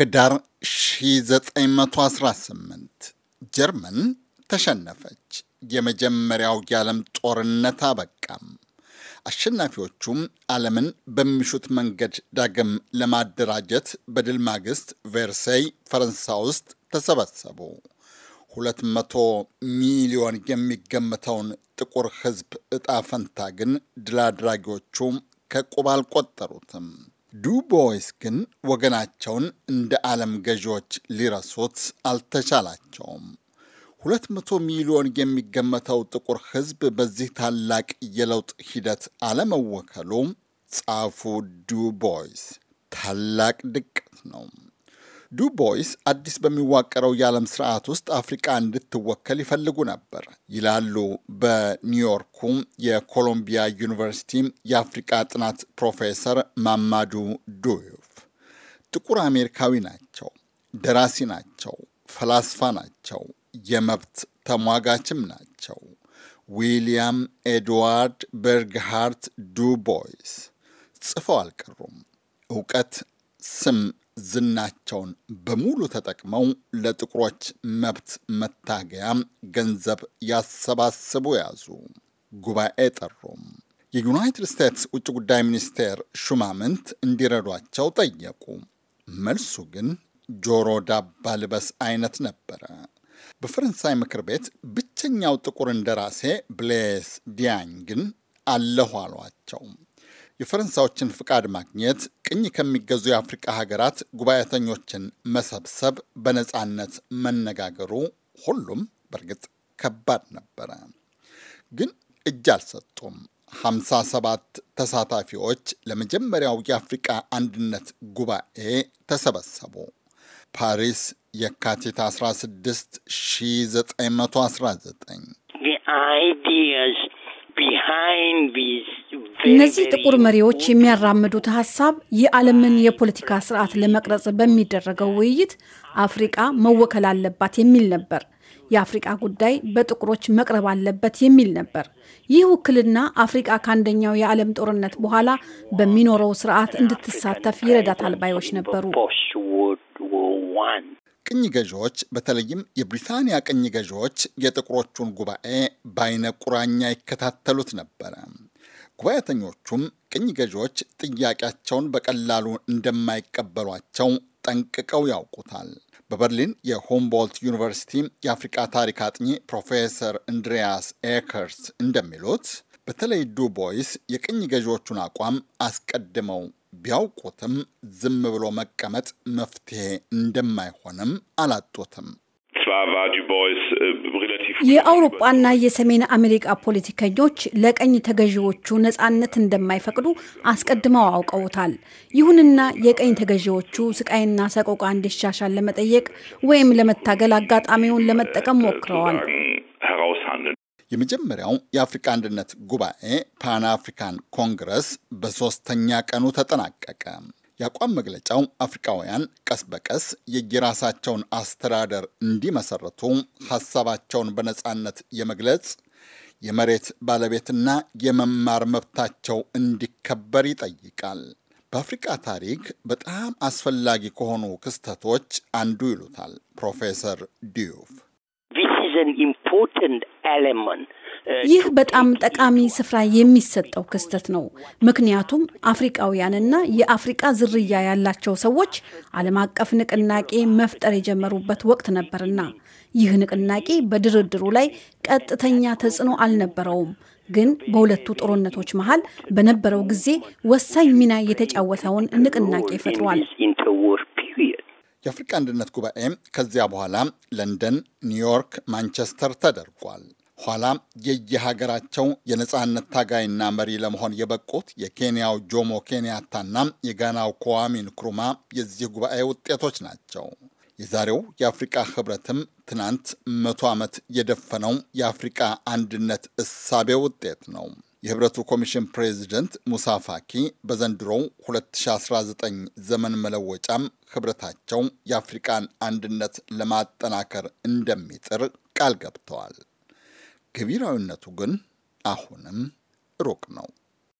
ህዳር 1918 ጀርመን ተሸነፈች። የመጀመሪያው የዓለም ጦርነት አበቃም። አሸናፊዎቹም ዓለምን በሚሹት መንገድ ዳግም ለማደራጀት በድል ማግስት ቬርሳይ ፈረንሳይ ውስጥ ተሰበሰቡ። 200 ሚሊዮን የሚገምተውን ጥቁር ህዝብ እጣ ፈንታ ግን ድል አድራጊዎቹ ከቁብ አልቆጠሩትም። ዱቦይስ ግን ወገናቸውን እንደ ዓለም ገዢዎች ሊረሱት አልተቻላቸውም። 200 ሚሊዮን የሚገመተው ጥቁር ሕዝብ በዚህ ታላቅ የለውጥ ሂደት አለመወከሉ ጻፉ ዱቦይስ ታላቅ ድቀት ነው። ዱቦይስ አዲስ በሚዋቀረው የዓለም ስርዓት ውስጥ አፍሪቃ እንድትወከል ይፈልጉ ነበር ይላሉ በኒውዮርኩ የኮሎምቢያ ዩኒቨርሲቲ የአፍሪቃ ጥናት ፕሮፌሰር ማማዱ ዱዩፍ። ጥቁር አሜሪካዊ ናቸው። ደራሲ ናቸው። ፈላስፋ ናቸው። የመብት ተሟጋችም ናቸው። ዊልያም ኤድዋርድ በርግሃርት ዱቦይስ ጽፈው አልቀሩም። እውቀት፣ ስም ዝናቸውን በሙሉ ተጠቅመው ለጥቁሮች መብት መታገያ ገንዘብ ያሰባስቡ ያዙ። ጉባኤ ጠሩም። የዩናይትድ ስቴትስ ውጭ ጉዳይ ሚኒስቴር ሹማምንት እንዲረዷቸው ጠየቁ። መልሱ ግን ጆሮ ዳባ ልበስ አይነት ነበረ። በፈረንሳይ ምክር ቤት ብቸኛው ጥቁር እንደራሴ ብሌስ ዲያኝ ግን አለሁ አሏቸው። የፈረንሳዮችን ፍቃድ ማግኘት፣ ቅኝ ከሚገዙ የአፍሪቃ ሀገራት ጉባኤተኞችን መሰብሰብ፣ በነፃነት መነጋገሩ ሁሉም በእርግጥ ከባድ ነበረ። ግን እጅ አልሰጡም። 57 ተሳታፊዎች ለመጀመሪያው የአፍሪቃ አንድነት ጉባኤ ተሰበሰቡ። ፓሪስ የካቲት 16 1919 እነዚህ ጥቁር መሪዎች የሚያራምዱት ሀሳብ የዓለምን የፖለቲካ ስርዓት ለመቅረጽ በሚደረገው ውይይት አፍሪቃ መወከል አለባት የሚል ነበር። የአፍሪቃ ጉዳይ በጥቁሮች መቅረብ አለበት የሚል ነበር። ይህ ውክልና አፍሪቃ ከአንደኛው የዓለም ጦርነት በኋላ በሚኖረው ስርዓት እንድትሳተፍ ይረዳታል ባዮች ነበሩ። ቅኝ ገዢዎች በተለይም የብሪታንያ ቅኝ ገዢዎች የጥቁሮቹን ጉባኤ በአይነ ቁራኛ ይከታተሉት ነበረ። ጉባኤተኞቹም ቅኝ ገዢዎች ጥያቄያቸውን በቀላሉ እንደማይቀበሏቸው ጠንቅቀው ያውቁታል። በበርሊን የሆምቦልት ዩኒቨርሲቲ የአፍሪቃ ታሪክ አጥኚ ፕሮፌሰር እንድሪያስ ኤከርስ እንደሚሉት በተለይ ዱ ቦይስ የቅኝ ገዢዎቹን አቋም አስቀድመው ቢያውቁትም ዝም ብሎ መቀመጥ መፍትሄ እንደማይሆንም አላጡትም። የአውሮጳና የሰሜን አሜሪካ ፖለቲከኞች ለቀኝ ተገዢዎቹ ነጻነት እንደማይፈቅዱ አስቀድመው አውቀውታል። ይሁንና የቀኝ ተገዢዎቹ ስቃይና ሰቆቃ እንዲሻሻል ለመጠየቅ ወይም ለመታገል አጋጣሚውን ለመጠቀም ሞክረዋል። የመጀመሪያው የአፍሪካ አንድነት ጉባኤ ፓን አፍሪካን ኮንግረስ በሶስተኛ ቀኑ ተጠናቀቀ። የአቋም መግለጫው አፍሪካውያን ቀስ በቀስ የየራሳቸውን አስተዳደር እንዲመሰረቱ ሀሳባቸውን በነፃነት የመግለጽ የመሬት ባለቤትና የመማር መብታቸው እንዲከበር ይጠይቃል። በአፍሪቃ ታሪክ በጣም አስፈላጊ ከሆኑ ክስተቶች አንዱ ይሉታል ፕሮፌሰር ዲዩፍ ይህ በጣም ጠቃሚ ስፍራ የሚሰጠው ክስተት ነው። ምክንያቱም አፍሪቃውያንና የአፍሪቃ ዝርያ ያላቸው ሰዎች ዓለም አቀፍ ንቅናቄ መፍጠር የጀመሩበት ወቅት ነበርና ይህ ንቅናቄ በድርድሩ ላይ ቀጥተኛ ተጽዕኖ አልነበረውም። ግን በሁለቱ ጦርነቶች መሀል በነበረው ጊዜ ወሳኝ ሚና የተጫወተውን ንቅናቄ ፈጥሯል። የአፍሪቃ አንድነት ጉባኤ ከዚያ በኋላ ለንደን፣ ኒውዮርክ፣ ማንቸስተር ተደርጓል። ኋላ የየሀገራቸው የነፃነት ታጋይና መሪ ለመሆን የበቁት የኬንያው ጆሞ ኬንያታና የጋናው ኮዋሚ ንክሩማ የዚህ ጉባኤ ውጤቶች ናቸው። የዛሬው የአፍሪቃ ህብረትም ትናንት መቶ ዓመት የደፈነው የአፍሪቃ አንድነት እሳቤ ውጤት ነው። የህብረቱ ኮሚሽን ፕሬዚደንት ሙሳ ፋኪ በዘንድሮው 2019 ዘመን መለወጫም ህብረታቸው የአፍሪቃን አንድነት ለማጠናከር እንደሚጥር ቃል ገብተዋል። ገቢራዊነቱ ግን አሁንም ሩቅ ነው።